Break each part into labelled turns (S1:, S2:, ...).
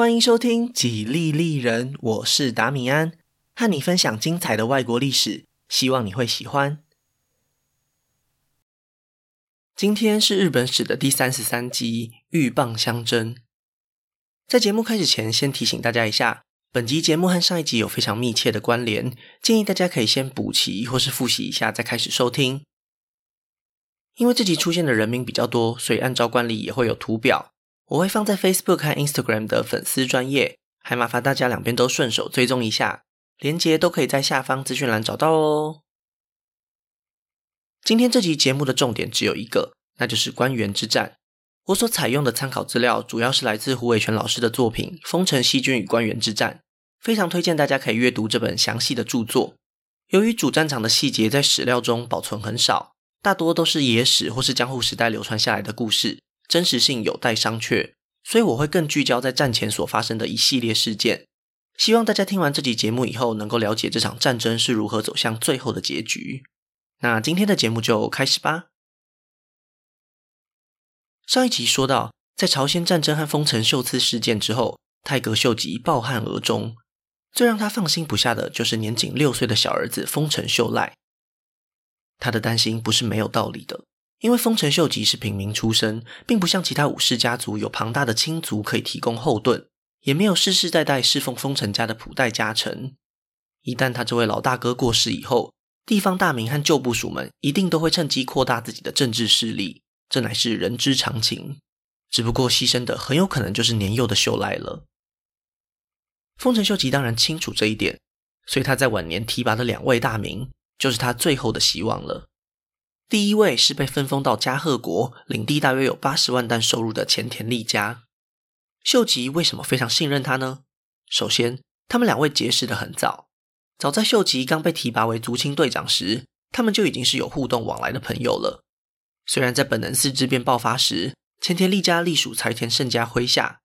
S1: 歡迎收聽《幾利利人》，我是達米安，和你分享精彩的外國歷史，希望你會喜歡。今天是日本史的第三十三集《鷸蚌相爭》。在節目開始前，先提醒大家一下，本集節目和上一集有非常密切的關聯，建議大家可以先補齊或是複習一下再開始收聽。因為這集出現的人名比較多，所以按照慣例也會有圖表。我會放在 Facebook 和 Instagram 的粉絲專頁，還麻煩大家兩邊都順手追蹤一下，連結都可以在下方資訊欄找到哦。今天這集節目的重點只有一個，那就是關原之戰。我所採用的參考資料主要是來自胡煒權老師的作品《豐臣西軍與關原之戰》，非常推薦大家可以閱讀這本詳細的著作。由於主戰場的細節在史料中保存很少，大多都是野史或是江戶時代流傳下來的故事。真實性有待商榷，所以我會更聚焦在戰前所發生的一系列事件。希望大家聽完這集節目以後，能夠了解這場戰爭是如何走向最後的結局。那今天的節目就開始吧。上一集說到，在朝鮮戰爭和豐臣秀次事件之後，太閤秀吉抱憾而終。最讓他放心不下的，就是年僅六歲的小兒子豐臣秀賴。他的擔心不是沒有道理的。因為豐臣秀吉是平民出身，並不像其他武士家族有龐大的親族可以提供後盾，也沒有世世代代侍奉豐臣家的譜代家臣。一旦他這位老大哥過世以後，地方大名和舊部屬們一定都會趁機擴大自己的政治勢力，這乃是人之常情。只不過犧牲的很有可能就是年幼的秀賴了。豐臣秀吉當然清楚這一點，所以他在晚年提拔的兩位大名，就是他最後的希望了。第一位是被分封到加賀國，領地大約有八十萬石收入的前田利家。秀吉為什麼非常信任他呢？首先，他們兩位結識的很早，早在秀吉剛被提拔為足輕隊長時，他們就已經是有互動往來的朋友了。雖然在本能寺之變爆發時，前田利家隸屬柴田勝家麾下，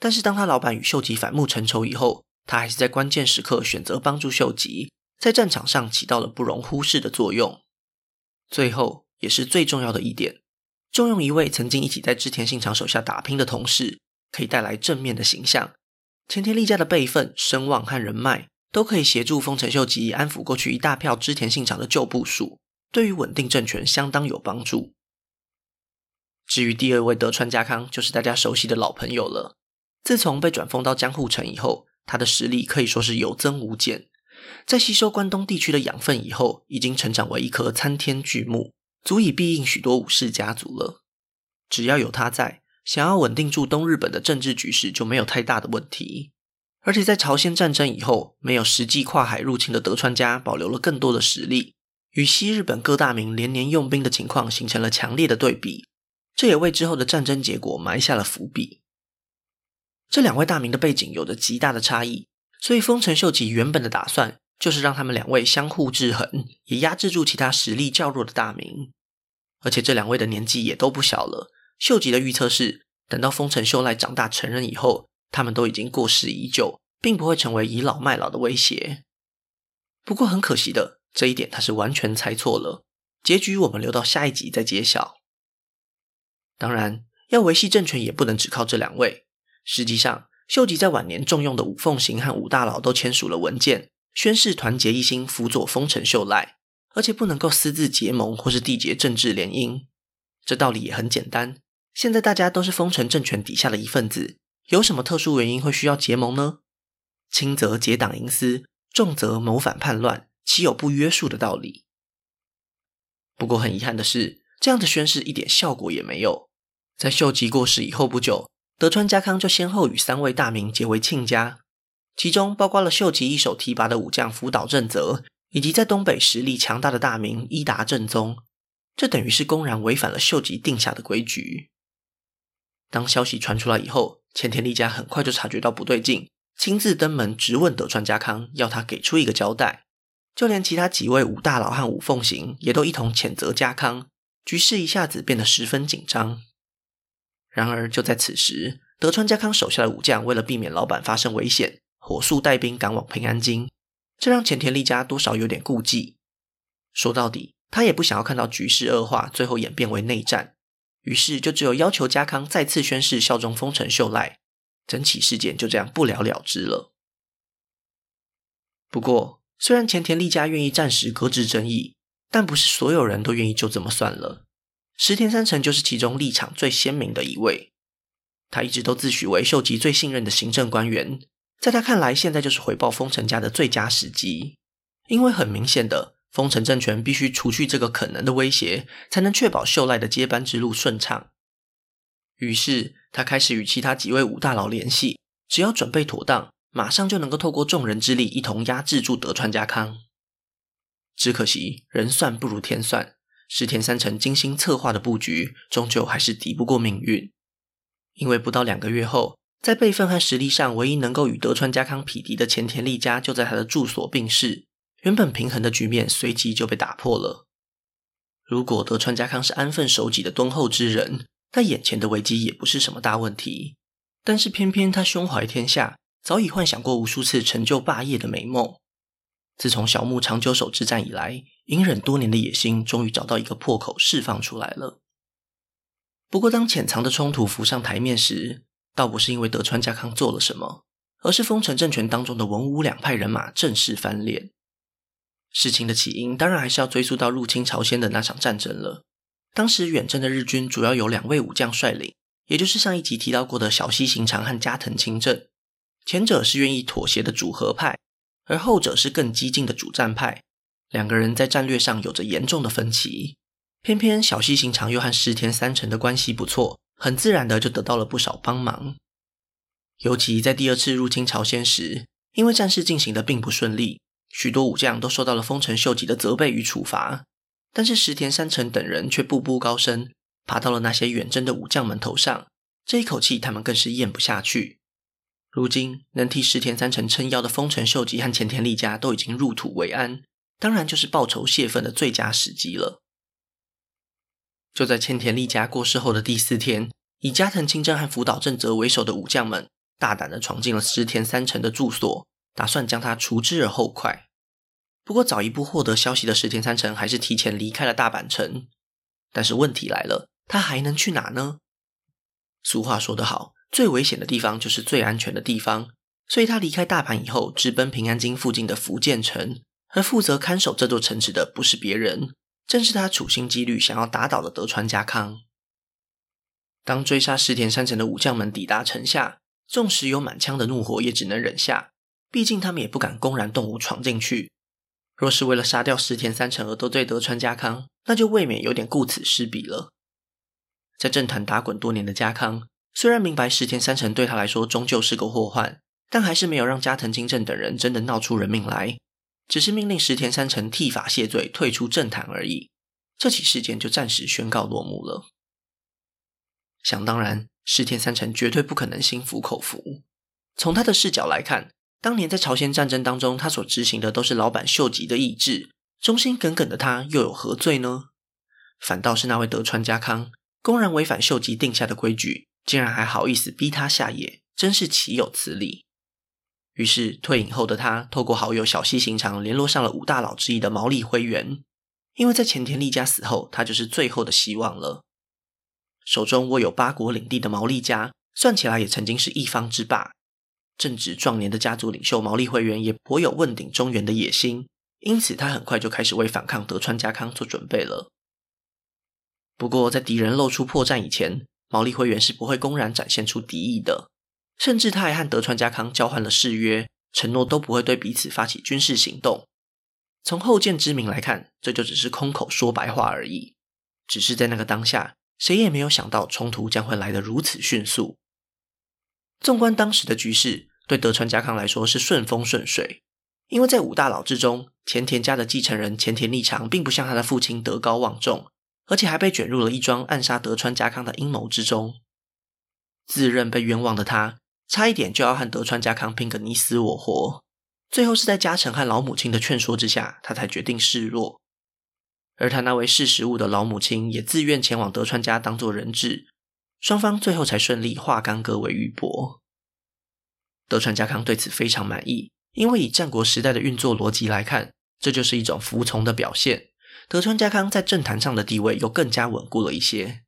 S1: 但是當他老板與秀吉反目成仇以後，他還是在關鍵時刻選擇幫助秀吉，在戰場上起到了不容忽視的作用。最後也是最重要的一點，重用一位曾經一起在織田信長手下打拼的同事，可以帶來正面的形象。前田利家的輩分、聲望和人脈，都可以協助豐臣秀吉安撫過去一大票織田信長的舊部屬，對於穩定政權相當有幫助。至於第二位德川家康，就是大家熟悉的老朋友了。自從被轉封到江戶城以後，他的實力可以說是有增無減。在吸收關東地區的養分以後，已經成長為一棵參天巨木，足以庇蔭許多武士家族了。只要有他在，想要穩定住東日本的政治局勢就沒有太大的問題。而且在朝鮮戰爭以後，沒有實際跨海入侵的德川家保留了更多的實力，與西日本各大名連年用兵的情況形成了強烈的對比，這也為之後的戰爭結果埋下了伏筆。這兩位大名的背景有着極大的差異。所以，豐臣秀吉原本的打算就是讓他們兩位相互制衡，也壓制住其他實力較弱的大名。而且，這兩位的年紀也都不小了。秀吉的預測是，等到豐臣秀賴長大成人以後，他們都已經過世已久，並不會成為倚老賣老的威脅。不過，很可惜的，這一點他是完全猜錯了。結局我們留到下一集再揭曉。當然，要維繫政權也不能只靠這兩位。實際上，秀吉在晚年重用的五奉行和五大老都簽署了文件，宣誓團結一心，輔佐豐臣秀賴，而且不能夠私自結盟或是締結政治聯姻。這道理也很簡單，現在大家都是豐臣政權底下的一份子，有什麼特殊原因會需要結盟呢？輕則結黨營私，重則謀反叛亂，豈有不約束的道理？不過很遺憾的是，這樣的宣誓一點效果也沒有。在秀吉過世以後不久，德川家康就先後與三位大名結為親家，其中包括了秀吉一手提拔的武將福島正則，以及在東北實力強大的大名伊達正宗。這等於是公然違反了秀吉定下的規矩。當消息傳出來以後，前田利家很快就察覺到不對勁，親自登門質問德川家康，要他給出一個交代。就連其他幾位五大老和五奉行也都一同譴責家康，局勢一下子變得十分緊張。然而，就在此時，德川家康手下的武將為了避免老板發生危險，火速帶兵趕往平安京，這讓前田利家多少有點顧忌。說到底，他也不想要看到局勢惡化，最後演變為內戰，於是就只有要求家康再次宣誓效忠豐臣秀賴。整起事件就這樣不了了之了。不過，雖然前田利家願意暫時擱置爭議，但不是所有人都願意就這麼算了。石田三成就是其中立場最鮮明的一位，他一直都自詡為秀吉最信任的行政官員，在他看來，現在就是回報豐臣家的最佳時機，因為很明顯的，豐臣政權必須除去這個可能的威脅，才能確保秀賴的接班之路順暢。於是，他開始與其他幾位五大老聯繫，只要準備妥當，馬上就能夠透過眾人之力，一同壓制住德川家康。只可惜，人算不如天算。石田三成精心策劃的佈局，終究還是敵不過命運。因為不到兩個月後，在輩分和實力上唯一能夠與德川家康匹敵的前田利家，就在他的住所病逝。原本平衡的局面隨即就被打破了。如果德川家康是安分守己的敦厚之人，那眼前的危機也不是什麼大問題。但是偏偏他胸懷天下，早已幻想過無數次成就霸業的美夢。自從小牧長久手之戰以來，隱忍多年的野心終於找到一個破口釋放出來了。不過，當潛藏的衝突浮上台面時，倒不是因為德川家康做了什麼，而是豐臣政權當中的文武兩派人馬正式翻臉。事情的起因當然還是要追溯到入侵朝鮮的那場戰爭了。當時遠征的日軍主要由兩位武將率領，也就是上一集提到過的小西行長和加藤清正，前者是願意妥協的主和派。而後者是更激進的主戰派，兩個人在戰略上有着嚴重的分歧。偏偏小西行長又和石田三成的關係不錯，很自然的就得到了不少幫忙。尤其在第二次入侵朝鮮時，因為戰事進行的並不順利，許多武將都受到了豐臣秀吉的責備與處罰，但是石田三成等人卻步步高升，爬到了那些遠征的武將們頭上，這一口氣他們更是咽不下去。如今能替石田三成撐腰的豐臣秀吉和前田利家都已經入土為安，當然就是報仇泄憤的最佳時機了。就在前田利家過世後的第四天，以加藤清正和福島正則為首的武將們大膽的闖進了石田三成的住所，打算將他除之而後快。不過早一步獲得消息的石田三成還是提前離開了大阪城。但是問題來了，他還能去哪呢？俗話說得好。最危險的地方就是最安全的地方，所以他離開大阪以後，直奔平安京附近的伏見城。而負責看守這座城池的，不是別人，正是他處心積慮想要打倒的德川家康。當追殺石田三成的武將們抵達城下，縱使有滿腔的怒火，也只能忍下。畢竟他們也不敢公然動武闖進去。若是為了殺掉石田三成而得罪德川家康，那就未免有點顧此失彼了。在政壇打滾多年的家康。雖然明白石田三成對他來說終究是個禍患，但還是沒有讓加藤清正等人真的鬧出人命來，只是命令石田三成剃髮謝罪、退出政壇而已。這起事件就暫時宣告落幕了。想當然，石田三成絕對不可能心服口服。從他的視角來看，當年在朝鮮戰爭當中，他所執行的都是老闆秀吉的意志，忠心耿耿的他又有何罪呢？反倒是那位德川家康，公然違反秀吉定下的規矩。竟然還好意思逼他下野，真是豈有此理！於是退隱後的他，透過好友小西行長聯絡上了五大老之一的毛利輝元，因為在前田利家死後，他就是最後的希望了。手中握有八國領地的毛利家，算起來也曾經是一方之霸。正值壯年的家族領袖毛利輝元，也頗有問鼎中原的野心，因此他很快就開始為反抗德川家康做準備了。不過，在敵人露出破綻以前。毛利輝元是不會公然展現出敵意的，甚至他還和德川家康交換了誓約，承諾都不會對彼此發起軍事行動。從後見之明來看，這就只是空口說白話而已。只是在那個當下，誰也沒有想到衝突將會來得如此迅速。縱觀當時的局勢，對德川家康來說是順風順水，因為在五大老之中，前田家的繼承人前田利長並不像他的父親德高望重。而且還被捲入了一樁暗殺德川家康的陰謀之中，自認被冤枉的他，差一點就要和德川家康拼個你死我活。最後是在家臣和老母親的勸說之下，他才決定示弱。而他那位識時務的老母親也自願前往德川家當做人質，雙方最後才順利化干戈為玉帛。德川家康對此非常滿意，因為以戰國時代的運作邏輯來看，這就是一種服從的表現。德川家康在政壇上的地位又更加穩固了一些。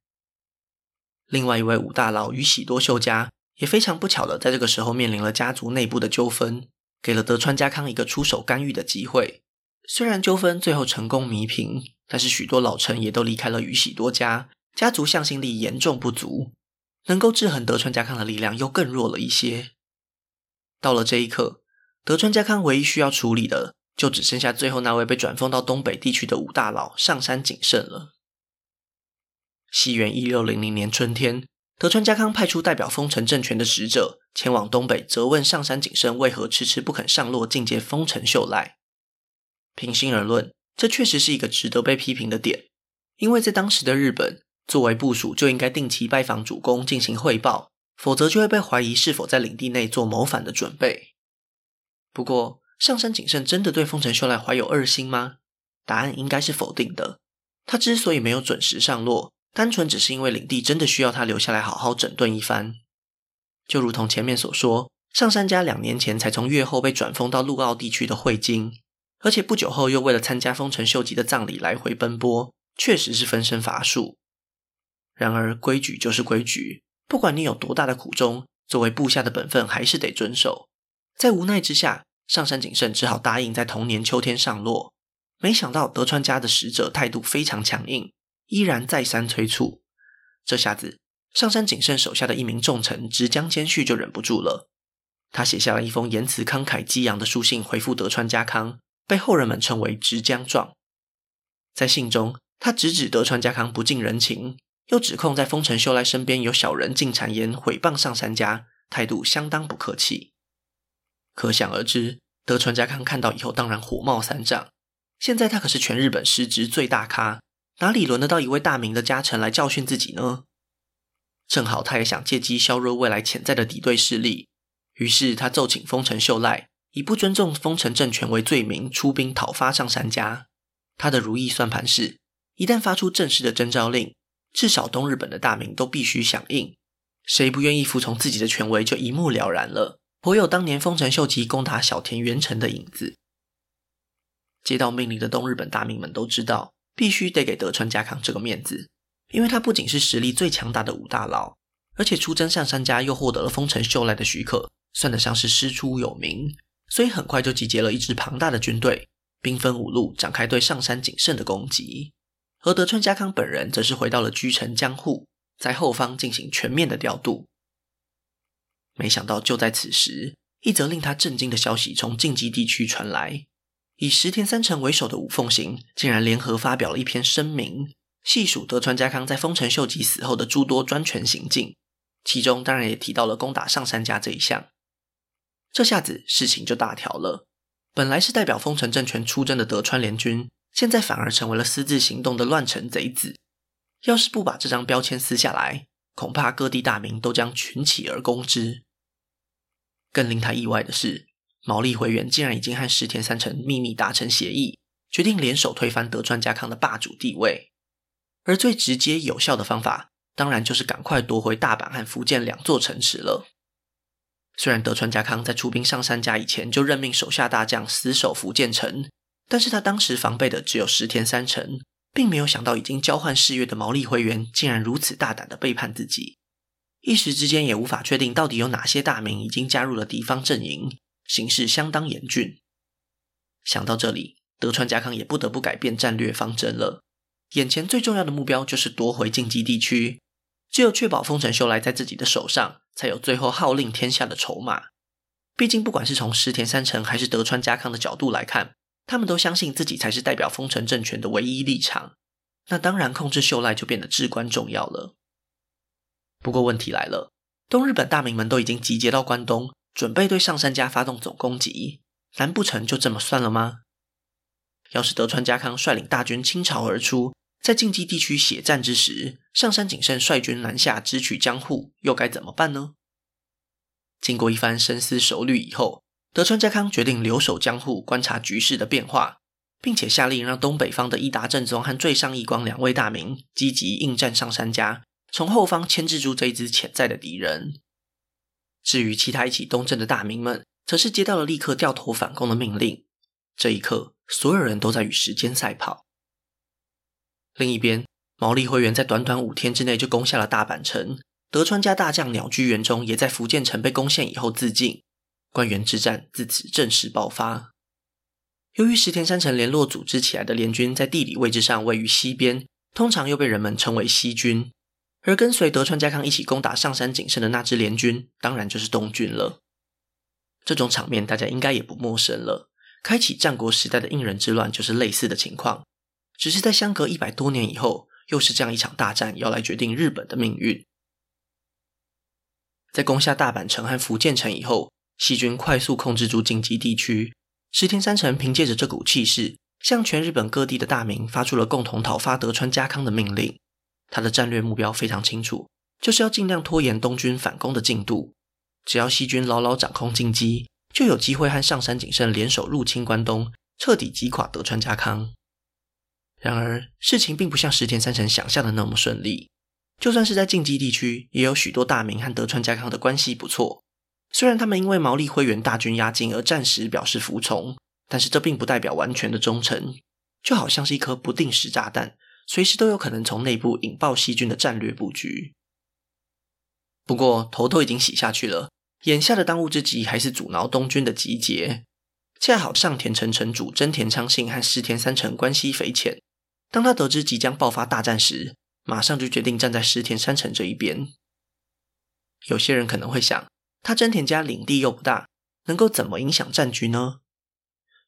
S1: 另外一位五大老宇喜多秀家也非常不巧的在這個時候面臨了家族內部的糾紛，給了德川家康一個出手干預的機會。雖然糾紛最後成功弭平，但是許多老臣也都離開了宇喜多家，家族向心力嚴重不足，能夠制衡德川家康的力量又更弱了一些。到了這一刻，德川家康唯一需要處理的，就只剩下最後那位被轉封到東北地區的五大老上杉景勝了。西元一六零零年春天，德川家康派出代表豐臣政權的使者，前往東北責問上杉景勝為何遲遲不肯上洛覲見豐臣秀賴。平心而論，這確實是一個值得被批評的點，因為在當時的日本，作為部屬就應該定期拜訪主公進行匯報，否則就會被懷疑是否在領地內做謀反的準備。不過，上杉景勝真的對豐臣秀賴懷有二心嗎？答案應該是否定的。他之所以沒有準時上洛，單純只是因為領地真的需要他留下來好好整頓一番。就如同前面所說，上杉家兩年前才從越後被轉封到陸奧地區的會津，而且不久後又為了參加豐臣秀吉的葬禮來回奔波，確實是分身乏術。然而規矩就是規矩，不管你有多大的苦衷，作為部下的本分還是得遵守。在無奈之下，上山景勝只好答應在同年秋天上洛，沒想到德川家的使者態度非常強硬，依然再三催促。這下子，上杉景勝手下的一名重臣直江兼續就忍不住了，他寫下了一封言辭慷慨激昂的書信回覆德川家康，被後人們稱為《直江狀》。在信中，他直指德川家康不近人情，又指控在豐臣秀賴身邊有小人進讒言毀謗上杉家，態度相當不客氣。可想而知，德川家康看到以後，當然火冒三丈。現在他可是全日本實質最大咖，哪裡輪得到一位大名的家臣來教訓自己呢？正好他也想借機削弱未來潛在的敵對勢力，於是他奏請豐臣秀賴，以不尊重豐臣政權為罪名，出兵討伐上杉家。他的如意算盤是，一旦發出正式的徵召令，至少東日本的大名都必須響應，誰不願意服從自己的權威，就一目了然了。頗有當年豐臣秀吉攻打小田原城的影子。接到命令的東日本大名們都知道，必須得給德川家康這個面子，因為他不僅是實力最強大的五大老，而且出征上杉家又獲得了豐臣秀賴的許可，算得上是師出有名。所以很快就集結了一支龐大的軍隊，兵分五路展開對上杉景勝的攻擊。而德川家康本人則是回到了居城江戶，在後方進行全面的調度。沒想到，就在此時，一則令他震驚的消息從近畿地區傳來：以石田三成為首的五奉行竟然聯合發表了一篇聲明，細數德川家康在豐臣秀吉死後的諸多專權行徑，其中當然也提到了攻打上杉家這一項。這下子事情就大條了。本來是代表豐臣政權出征的德川聯軍，現在反而成為了私自行動的亂臣賊子。要是不把這張標籤撕下來，恐怕各地大名都將群起而攻之。更令他意外的是，毛利輝元竟然已經和石田三成秘密達成協議，決定聯手推翻德川家康的霸主地位。而最直接有效的方法，當然就是趕快奪回大阪和伏見兩座城池了。雖然德川家康在出兵上杉家以前，就任命手下大將死守伏見城，但是他當時防備的只有石田三成，並沒有想到已經交換誓約的毛利輝元，竟然如此大膽的背叛自己。一時之間也無法確定到底有哪些大名已經加入了敵方陣營，形勢相當嚴峻。想到這裡，德川家康也不得不改變戰略方針了。眼前最重要的目標就是奪回近畿地區，只有確保豐臣秀賴在自己的手上，才有最後號令天下的籌碼。畢竟，不管是從石田三成還是德川家康的角度來看，他們都相信自己才是代表豐臣政權的唯一立場。那當然，控制秀賴就變得至關重要了。不過，問題來了，東日本大名們都已經集結到關東，準備對上杉家發動總攻擊，難不成就這麼算了嗎？要是德川家康率領大軍傾巢而出，在近畿地區血戰之時，上杉景勝率軍南下直取江戶，又該怎麼辦呢？經過一番深思熟慮以後，德川家康決定留守江戶，觀察局勢的變化，並且下令讓東北方的伊達政宗和最上義光兩位大名積極應戰上杉家。從後方牽制住這一支潛在的敵人。至於其他一起東征的大名們，則是接到了立刻掉頭反攻的命令。這一刻，所有人都在與時間賽跑。另一邊，毛利輝元在短短五天之內就攻下了大阪城，德川家大將鳥居元忠也在伏見城被攻陷以後自盡。關原之戰自此正式爆發。由於石田三成聯絡組織起來的聯軍在地理位置上位於西邊，通常又被人們稱為西軍。而跟隨德川家康一起攻打上杉景勝的那支聯軍，當然就是東軍了。這種場面大家應該也不陌生了。開啟戰國時代的應仁之亂就是類似的情況，只是在相隔一百多年以後，又是這樣一場大戰要來決定日本的命運。在攻下大阪城和福建城以後，西軍快速控制住京畿地區，石田三成憑借着這股氣勢，向全日本各地的大名發出了共同討伐德川家康的命令。他的戰略目標非常清楚，就是要盡量拖延東軍反攻的進度。只要西軍牢牢掌控近畿，就有機會和上杉景勝聯手入侵關東，徹底擊垮德川家康。然而，事情並不像石田三成想象的那麼順利。就算是在近畿地區，也有許多大名和德川家康的關係不錯。雖然他們因為毛利輝元大軍壓境而暫時表示服從，但是這並不代表完全的忠誠，就好像是一顆不定時炸彈。隨時都有可能從內部引爆西軍的戰略布局。不過，頭都已經洗下去了，眼下的當務之急還是阻撓東軍的集結。恰好上田城城主真田昌信和石田三成關係匪淺，當他得知即將爆發大戰時，馬上就決定站在石田三成這一邊。有些人可能會想，他真田家領地又不大，能夠怎麼影響戰局呢？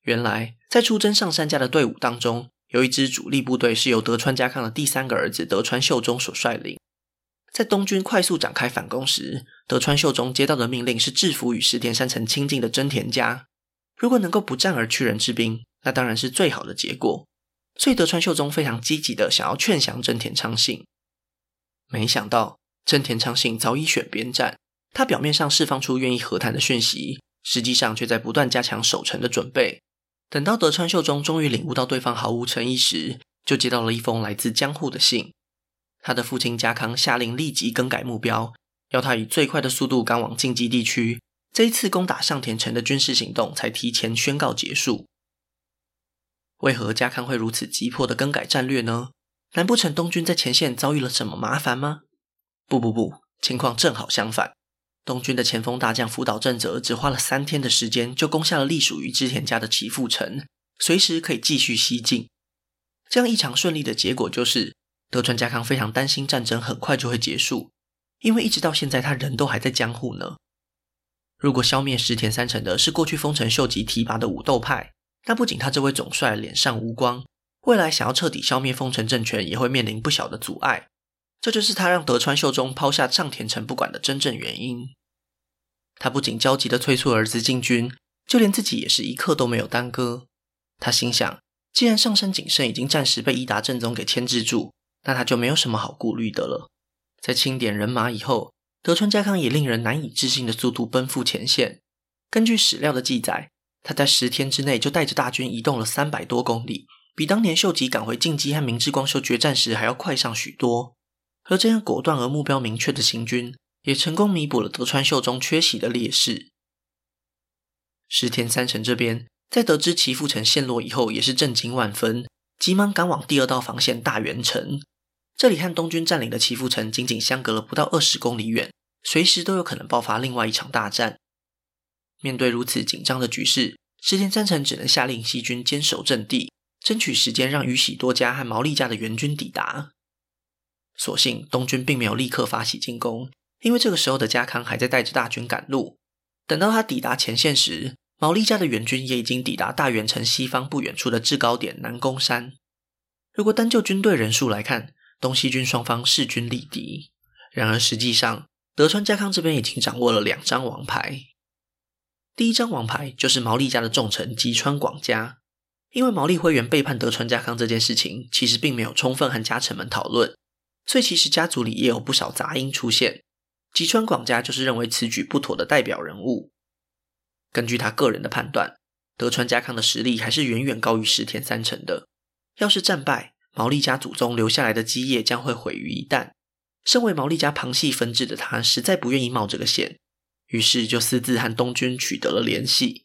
S1: 原來，在出征上杉家的隊伍當中。有一支主力部隊是由德川家康的第三個兒子德川秀忠所率領。在東軍快速展開反攻時，德川秀忠接到的命令是制服與石田三成親近的真田家。如果能夠不戰而屈人之兵，那當然是最好的結果。所以德川秀忠非常積極地想要勸降真田昌信。沒想到真田昌信早已選邊站，他表面上釋放出願意和談的訊息，實際上卻在不斷加強守城的準備。等到德川秀忠終於領悟到對方毫無誠意時，就接到了一封來自江戶的信。他的父親家康下令立即更改目標，要他以最快的速度趕往近畿地區。這一次攻打上田城的軍事行動才提前宣告結束。為何家康會如此急迫的更改戰略呢？難不成東軍在前線遭遇了什麼麻煩嗎？不不不，情況正好相反。東軍的前鋒大將福島正則只花了三天的時間，就攻下了隸屬於織田家的岐阜城，隨時可以繼續西進。這樣異常順利的結果，就是德川家康非常擔心戰爭很快就會結束，因為一直到現在他人都還在江戶呢。如果消滅石田三成的是過去豐臣秀吉提拔的武鬥派，那不僅他這位總帥臉上無光，未來想要徹底消滅豐臣政權，也會面臨不小的阻礙。這就是他讓德川秀忠拋下上田城不管的真正原因。他不僅焦急地催促兒子進軍，就連自己也是一刻都沒有耽擱。他心想，既然上杉景勝已經暫時被伊達政宗給牽制住，那他就沒有什麼好顧慮的了。在清點人馬以後，德川家康以令人難以置信的速度奔赴前線。根據史料的記載，他在十天之內就帶着大軍移動了三百多公里，比當年秀吉趕回近畿和明智光秀決戰時還要快上許多。而這樣果斷而目標明確的行軍，也成功彌補了德川秀忠缺席的劣勢。石田三成這邊在得知岐阜城陷落以後，也是震驚萬分，急忙趕往第二道防線大垣城。這裡和東軍佔領的岐阜城僅僅相隔了不到二十公里遠，隨時都有可能爆發另外一場大戰。面對如此緊張的局勢，石田三成只能下令西軍堅守陣地，爭取時間讓宇喜多家和毛利家的援軍抵達。所幸東軍並沒有立刻發起進攻，因為這個時候的家康還在帶着大軍趕路。等到他抵達前線時，毛利家的援軍也已經抵達大垣城西方不遠處的制高點南宮山。如果單就軍隊人數來看，東西軍雙方勢均力敵。然而實際上，德川家康這邊已經掌握了兩張王牌。第一張王牌就是毛利家的重臣吉川廣家，因為毛利輝元背叛德川家康這件事情，其實並沒有充分和家臣們討論。所以，其實家族裡也有不少雜音出現。吉川廣家就是認為此舉不妥的代表人物。根據他個人的判斷，德川家康的實力還是遠遠高於石田三成的。要是戰敗，毛利家祖宗留下來的基業將會毀於一旦。身為毛利家旁系分支的他，實在不願意冒這個險，於是就私自和東軍取得了聯繫。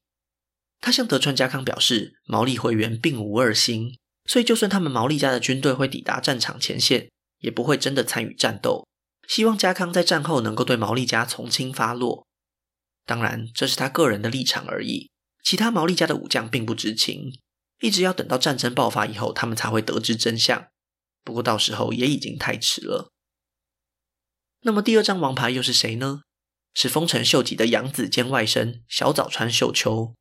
S1: 他向德川家康表示，毛利輝元並無二心，所以就算他們毛利家的軍隊會抵達戰場前線。也不會真的參與戰鬥。希望家康在戰後能夠對毛利家從輕發落。當然，這是他個人的立場而已。其他毛利家的武將並不知情，一直要等到戰爭爆發以後，他們才會得知真相。不過，到時候也已經太遲了。那麼，第二張王牌又是誰呢？是豐臣秀吉的養子兼外甥小早川秀秋。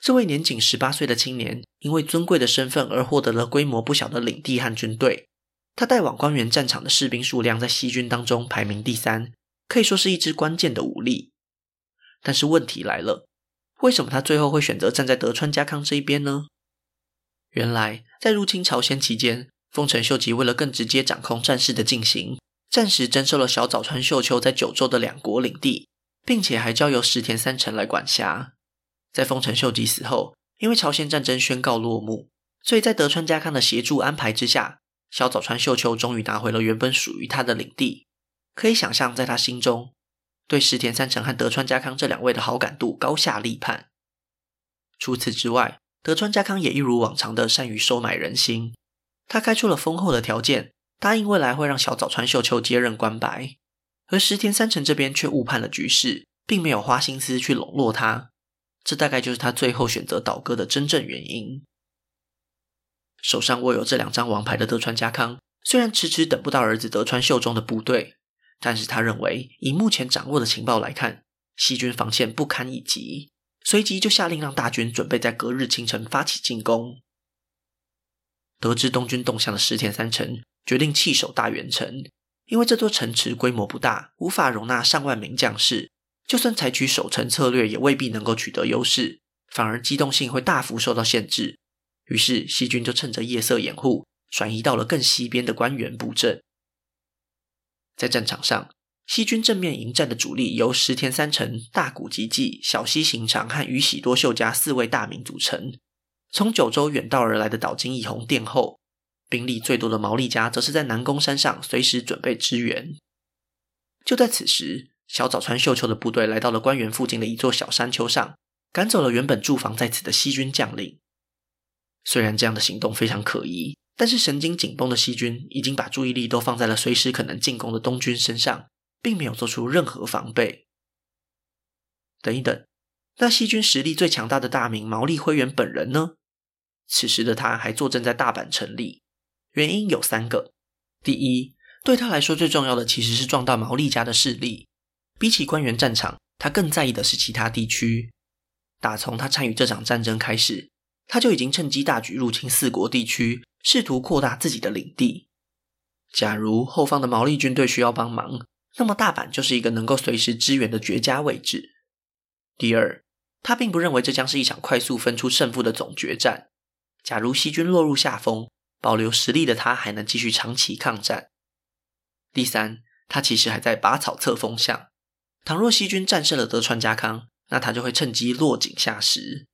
S1: 這位年僅十八歲的青年，因為尊貴的身份而獲得了規模不小的領地和軍隊。他帶往關原戰場的士兵數量在西軍當中排名第三，可以說是一支關鍵的武力。但是問題來了，為什麼他最後會選擇站在德川家康這一邊呢？原來在入侵朝鮮期間，豐臣秀吉為了更直接掌控戰事的進行，暫時徵收了小早川秀秋在九州的兩國領地，並且還交由石田三成來管轄。在豐臣秀吉死後，因為朝鮮戰爭宣告落幕，所以在德川家康的協助安排之下。小早川秀秋終於拿回了原本屬於他的領地，可以想象，在他心中，對石田三成和德川家康這兩位的好感度高下立判。除此之外，德川家康也一如往常的善於收買人心，他開出了豐厚的條件，答應未來會讓小早川秀秋接任關白。而石田三成這邊卻誤判了局勢，并沒有花心思去籠絡他，這大概就是他最後選擇倒戈的真正原因。手上握有這兩張王牌的德川家康，雖然遲遲等不到兒子德川秀忠的部隊，但是他認為以目前掌握的情報來看，西軍防線不堪一擊，隨即就下令讓大軍準備在隔日清晨發起進攻。得知東軍動向的石田三成，決定棄守大垣城，因為這座城池規模不大，無法容納上萬名將士，就算採取守城策略，也未必能夠取得優勢，反而機動性會大幅受到限制。於是，西軍就趁着夜色掩護，轉移到了更西邊的關原布陣。在戰場上，西軍正面迎戰的主力由石田三成、大谷吉繼、小西行長和宇喜多秀家四位大名組成。從九州遠道而來的島津義弘殿後，兵力最多的毛利家則是在南宮山上隨時準備支援。就在此時，小早川秀秋的部隊來到了關原附近的一座小山丘上，趕走了原本駐防在此的西軍將領。雖然這樣的行動非常可疑，但是神經緊繃的西軍已經把注意力都放在了隨時可能進攻的東軍身上，並沒有做出任何防備。等一等，那西軍實力最強大的大名毛利輝元本人呢？此時的他還坐鎮在大阪城裡，原因有三個：第一，對他來說最重要的其實是壯大毛利家的勢力；比起關原戰場，他更在意的是其他地區。打從他參與這場戰爭開始，他就已經趁機大舉入侵四國地區，試圖擴大自己的領地。假如後方的毛利軍隊需要幫忙，那麼大阪就是一個能夠隨時支援的絕佳位置。第二，他並不認為這將是一場快速分出勝負的總決戰。假如西軍落入下風，保留實力的他還能繼續長期抗戰。第三，他其實還在拔草測風向。倘若西軍戰勝了德川家康，那他就會趁機落井下石。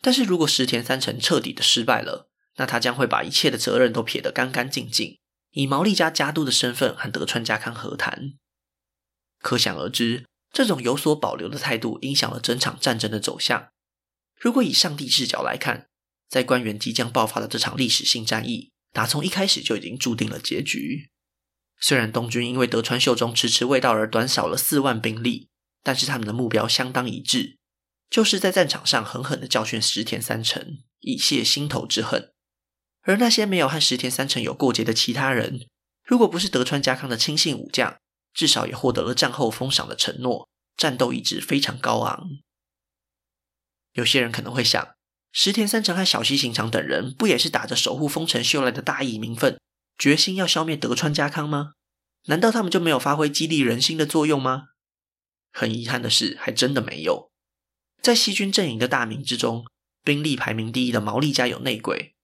S1: 但是，如果石田三成徹底的失敗了，那他將會把一切的責任都撇得干干淨淨，以毛利家家督的身份和德川家康和談。可想而知，這種有所保留的態度影響了整場戰爭的走向。如果以上帝視角來看，在關原即將爆發的這場歷史性戰役，打從一開始就已經注定了結局。雖然東軍因為德川秀忠遲遲未到而短少了四萬兵力，但是他們的目標相當一致，就是在戰場上狠狠的教訓石田三成，以泄心頭之恨。而那些沒有和石田三成有過節的其他人，如果不是德川家康的親信武將，至少也獲得了戰後封賞的承諾，戰鬥意志非常高昂。有些人可能會想，石田三成和小西行長等人不也是打着守護豐臣秀賴的大義名分，決心要消滅德川家康嗎？難道他們就沒有發揮激勵人心的作用嗎？很遺憾的是，還真的沒有。在西軍陣營的大名之中，兵力排名第一的毛利家有內鬼，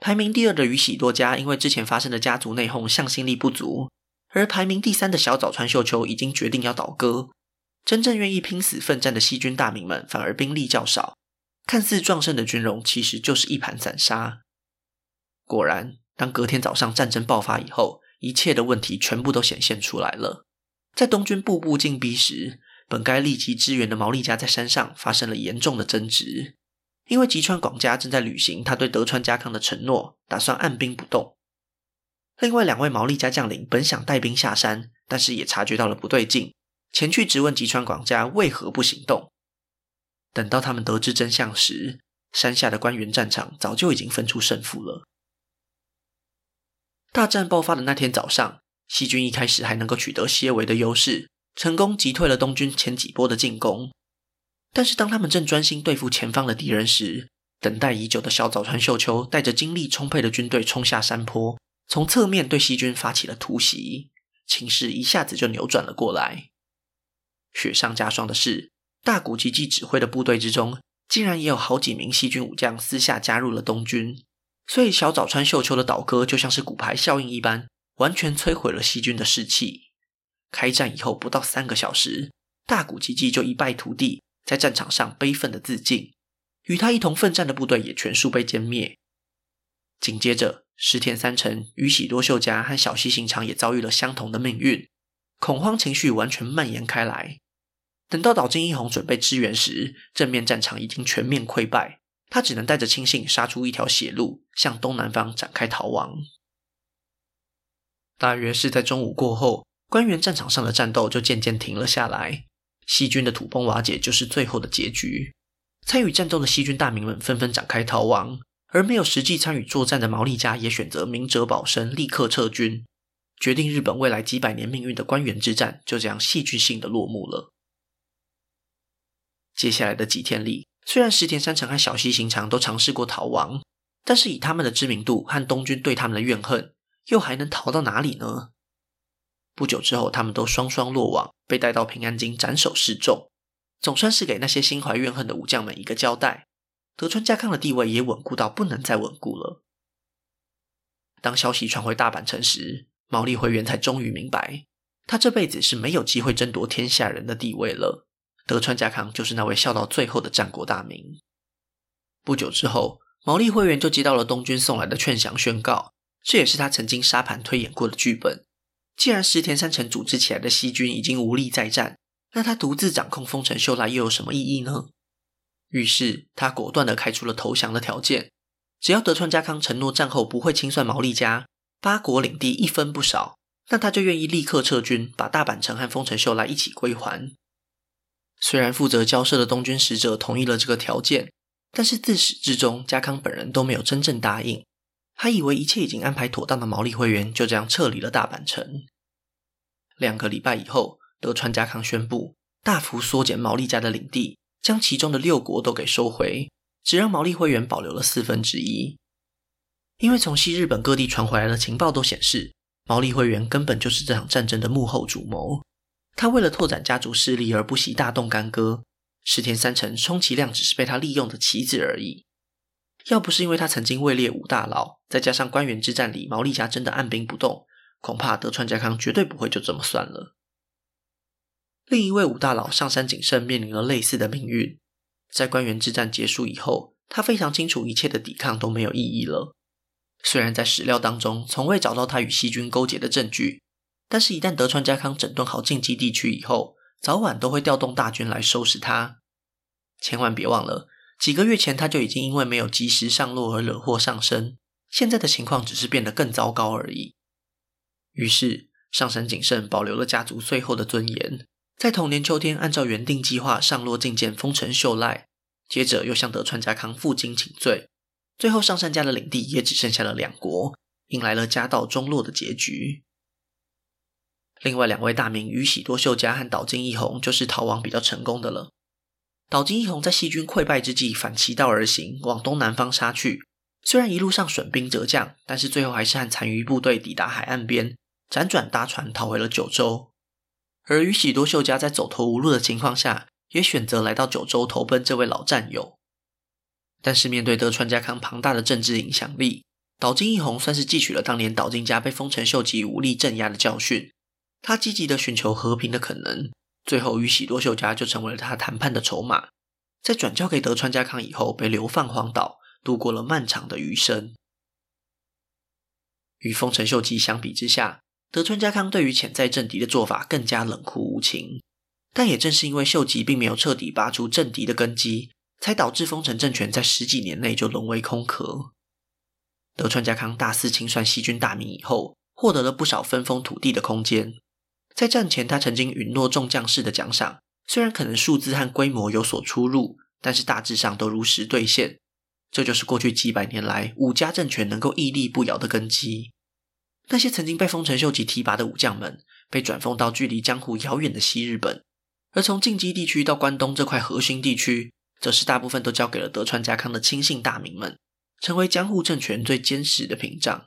S1: 排名第二的宇喜多家因為之前發生的家族內訌向心力不足，而排名第三的小早川秀秋已經決定要倒戈。真正願意拼死奮戰的西軍大名們反而兵力較少，看似壯盛的軍容其實就是一盤散沙。果然，當隔天早上戰爭爆發以後，一切的問題全部都顯現出來了。在東軍步步進逼時，本該立即支援的毛利家在山上發生了嚴重的爭執，因為吉川廣家正在履行他對德川家康的承諾，打算按兵不動。另外兩位毛利家將領本想帶兵下山，但是也察覺到了不對勁，前去質問吉川廣家為何不行動。等到他們得知真相時，山下的關原戰場早就已經分出勝負了。大戰爆發的那天早上，西軍一開始還能夠取得些微的優勢。成功擊退了東軍前幾波的進攻，但是當他們正專心對付前方的敵人時，等待已久的小早川秀秋帶着精力充沛的軍隊衝下山坡，從側面對西軍發起了突襲，情勢一下子就扭轉了過來。雪上加霜的是，大谷吉繼指揮的部隊之中，竟然也有好幾名西軍武將私下加入了東軍，所以小早川秀秋的倒戈就像是骨牌效應一般，完全摧毀了西軍的士氣。開戰以後不到三個小時，大谷吉繼就一敗塗地，在戰場上悲憤的自盡。與他一同奮戰的部隊也全數被殲滅。緊接着，石田三成、宇喜多秀家和小西行長也遭遇了相同的命運，恐慌情緒完全蔓延開來。等到島津義弘準備支援時，正面戰場已經全面潰敗，他只能帶着親信殺出一條血路，向東南方展開逃亡。大約是在中午過後。關原戰場上的戰鬥就漸漸停了下來，西軍的土崩瓦解就是最後的結局。參與戰鬥的西軍大名們紛紛展開逃亡，而沒有實際參與作戰的毛利家也選擇明哲保身，立刻撤軍。決定日本未來幾百年命運的關原之戰就這樣戲劇性的落幕了。接下來的幾天裡，雖然石田三成和小西行長都嘗試過逃亡，但是以他們的知名度和東軍對他們的怨恨，又還能逃到哪裡呢？不久之後，他們都雙雙落網，被帶到平安京斬首示眾，總算是給那些心懷怨恨的武將們一個交代。德川家康的地位也穩固到不能再穩固了。當消息傳回大阪城時，毛利輝元才終於明白，他這輩子是沒有機會爭奪天下人的地位了。德川家康就是那位笑到最後的戰國大名。不久之後，毛利輝元就接到了東軍送來的勸降宣告，這也是他曾經沙盤推演過的劇本。既然石田三成組織起來的西軍已經無力再戰，那他獨自掌控豐臣秀賴又有什麼意義呢？於是他果斷地開出了投降的條件：只要德川家康承諾戰後不會清算毛利家，八國領地一分不少，那他就願意立刻撤軍，把大阪城和豐臣秀賴一起歸還。雖然負責交涉的東軍使者同意了這個條件，但是自始至終，家康本人都沒有真正答應。他以為一切已經安排妥當的毛利輝元就這樣撤離了大阪城。兩個禮拜以後，德川家康宣布大幅縮減毛利家的領地，將其中的六國都給收回，只讓毛利輝元保留了四分之一。因為從西日本各地傳回來的情報都顯示，毛利輝元根本就是這場戰爭的幕後主謀。他為了拓展家族勢力而不惜大動干戈，石田三成充其量只是被他利用的棋子而已。要不是因為他曾經位列五大老再加上關原之戰裡毛利家真的按兵不動，恐怕德川家康絕對不會就這麼算了。另一位五大老上杉景勝面臨了類似的命運，在關原之戰結束以後，他非常清楚一切的抵抗都沒有意義了。雖然在史料當中從未找到他與西軍勾結的證據，但是，一旦德川家康整頓好近畿地區以後，早晚都會調動大軍來收拾他。千萬別忘了，幾個月前他就已經因為沒有及時上洛而惹禍上身。現在的情況只是變得更糟糕而已。於是上杉景勝保留了家族最後的尊嚴，在同年秋天按照原定計劃上洛覲見豐臣秀賴，接着又向德川家康負荊請罪。最後上杉家的領地也只剩下了兩國，迎來了家道中落的結局。另外兩位大名宇喜多秀家和島津義弘就是逃亡比較成功的了。島津義弘在西軍潰敗之際反其道而行，往東南方殺去。雖然一路上損兵折將，但是最後還是和殘餘部隊抵達海岸邊，輾轉搭船逃回了九州。而宇喜多秀家在走投無路的情況下，也選擇來到九州投奔這位老戰友。但是面對德川家康龐大的政治影響力，島津義弘算是汲取了當年島津家被豐臣秀吉武力鎮壓的教訓。他積極地尋求和平的可能，最後宇喜多秀家就成為了他談判的籌碼，在轉交給德川家康以後，被流放荒島。度過了漫長的餘生。與豐臣秀吉相比之下，德川家康對於潛在政敵的做法更加冷酷無情。但也正是因為秀吉並沒有徹底拔出政敵的根基，才導致豐臣政權在十幾年內就淪為空殼。德川家康大肆清算西軍大名以後，獲得了不少分封土地的空間。在戰前，他曾經允諾眾將士的獎賞，雖然可能數字和規模有所出入，但是大致上都如實兌現。這就是過去幾百年來武家政權能夠屹立不搖的根基。那些曾經被豐臣秀吉提拔的武將們，被轉封到距離江戶遙遠的西日本；而從近畿地區到關東這塊核心地區，則是大部分都交給了德川家康的親信大名們，成為江戶政權最堅實的屏障。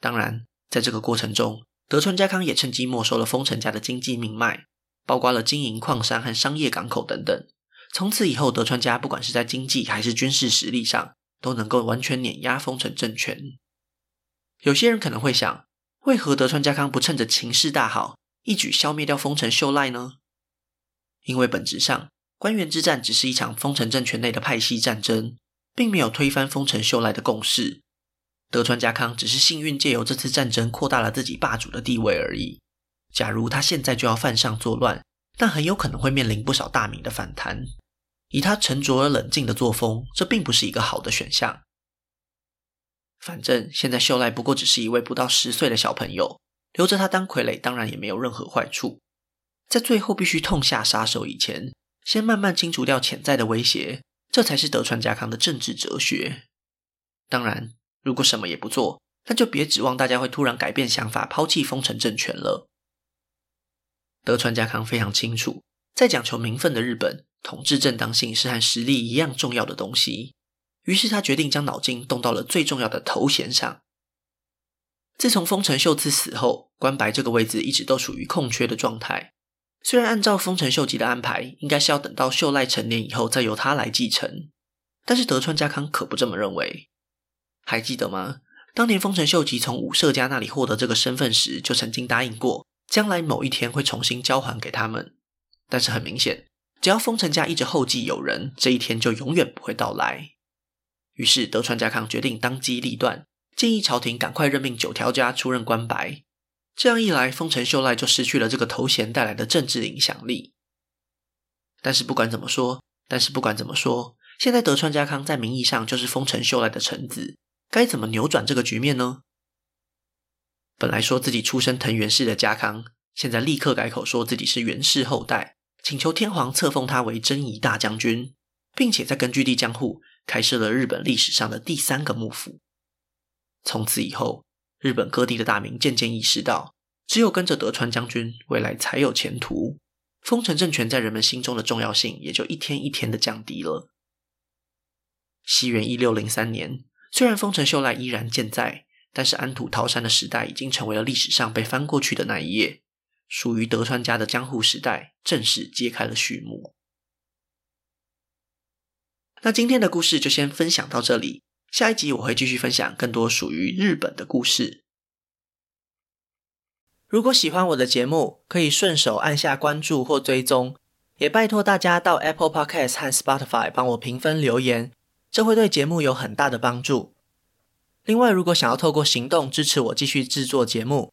S1: 當然，在這個過程中，德川家康也趁機沒收了豐臣家的經濟命脈，包括了金銀礦山和商業港口等等。從此以後，德川家不管是在經濟還是軍事實力上，都能夠完全碾壓豐臣政權。有些人可能會想，為何德川家康不趁着情勢大好，一舉消滅掉豐臣秀賴呢？因為本質上，關原之戰只是一場豐臣政權內的派系戰爭，並沒有推翻豐臣秀賴的共識。德川家康只是幸運借由這次戰爭擴大了自己霸主的地位而已。假如他現在就要犯上作亂，那很有可能會面臨不少大名的反彈。以他沉着而冷靜的作風，這並不是一個好的選項。反正現在秀賴不過只是一位不到十歲的小朋友，留着他當傀儡當然也沒有任何壞處。在最後必須痛下殺手以前，先慢慢清除掉潛在的威脅，這才是德川家康的政治哲學。當然，如果什麼也不做，那就別指望大家會突然改變想法，拋棄豐臣政權了。德川家康非常清楚，在講求名分的日本。統治正當性是和實力一樣重要的東西，於是他決定將腦筋動到了最重要的頭銜上。自從豐臣秀次死後，關白這個位置一直都處於空缺的狀態。雖然按照豐臣秀吉的安排，應該是要等到秀賴成年以後再由他來繼承，但是德川家康可不這麼認為。還記得嗎？當年豐臣秀吉從五攝家那裡獲得這個身份時，就曾經答應過，將來某一天會重新交還給他們。但是很明顯。只要豐臣家一直後繼有人，這一天就永遠不會到來。於是德川家康決定當機立斷，建議朝廷趕快任命九條家出任關白。這樣一來，豐臣秀賴就失去了這個頭銜帶來的政治影響力。但是不管怎麼說，但是不管怎麼說，現在德川家康在名義上就是豐臣秀賴的臣子，該怎麼扭轉這個局面呢？本來說自己出身藤原氏的家康，現在立刻改口說自己是源氏後代。請求天皇冊封他為征夷大將軍，並且在根據地江戶開設了日本歷史上的第三個幕府。從此以後，日本各地的大名漸漸意識到，只有跟着德川將軍，未來才有前途。豐臣政權在人們心中的重要性也就一天一天的降低了。西元一六零三年，雖然豐臣秀賴依然健在，但是安土桃山的時代已經成為了歷史上被翻過去的那一頁。屬於德川家的江戶時代正式揭開了序幕。那今天的故事就先分享到這裡，下一集我會繼續分享更多屬於日本的故事。如果喜歡我的節目，可以順手按下關注或追蹤，也拜托大家到 Apple Podcast 和 Spotify 幫我評分留言，這會對節目有很大的幫助。另外，如果想要透過行動支持我繼續制作節目，